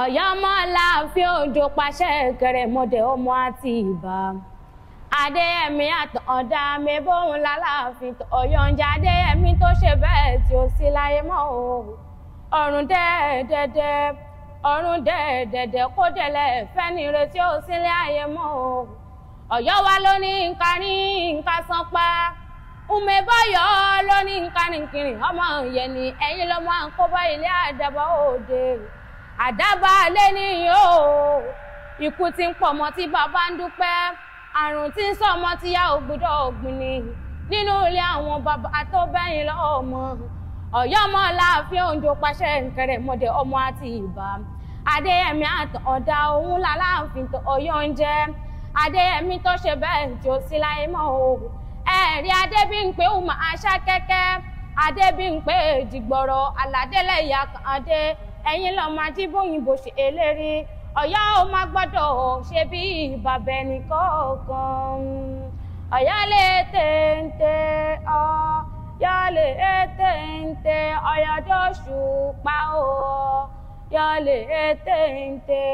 ọ̀yọ́mọ láàfin òjò pàṣẹ kẹrẹmọdé ọmọ àti ìbá adéyẹmí àtọ̀ọ̀dá mẹ́bọ̀hún láláàfin ọ̀yọ̀njẹ adéyẹmí tó ṣe bẹ́ẹ̀ tí ó sì láyé mọ́ o ọ̀run dẹ́ẹ̀dẹ́dẹ́ ọ̀run dẹ́ẹ̀dẹ́dẹ́ kó délẹ̀ fẹ́nire tí ó sì láyé mọ́ o ọ̀yọ́ wa ló ní nǹkan ní nǹkan sanpa umebọyọ ló ní nǹkan nìkìrì ọmọ yẹn ni ẹ̀yin ló máa ń kó bá ilé àdàbọ̀ òde àdábà alẹ́ nìyí o ikú ti ń pọ̀ ọmọ tí bàbá ń dúpẹ́ àrùn tí ń sọ ọmọ tí yá ògbúdọ̀ ògbìn ni nínú ilé àwọn bàbá tó bẹ́yìn lọ́wọ́ ọmọ ọ̀yọ́ ọmọ láàfin òǹdó pàṣẹ nkẹrẹ mọ́dẹ ọmọ àti ìbá adéyẹmí àtọ̀ ọ̀dà òun làláàfin tó ọ̀yọ́ ń jẹ́ adéyẹmí tó ṣe bẹ́ẹ̀ tí sí láyé mọ́ o ẹ̀rí adébíyìnpé ọmọ aṣá kẹ́kẹ́ adébíyìnpé èjìgbọ̀rọ̀ aládélẹ̀yà kan adé ẹ̀yin lọ́mọ ajíbóyìnbó ṣe eléré ọ̀yá ó má gbọ́dọ̀ ṣe bí bàbá ẹnì kọ̀ọ̀kan ọ̀yá lè tèǹtè ọ́ yọ lè tèǹtè ọ̀yọ́dọ̀ṣù pa ọ́ yọ lè tèǹtè.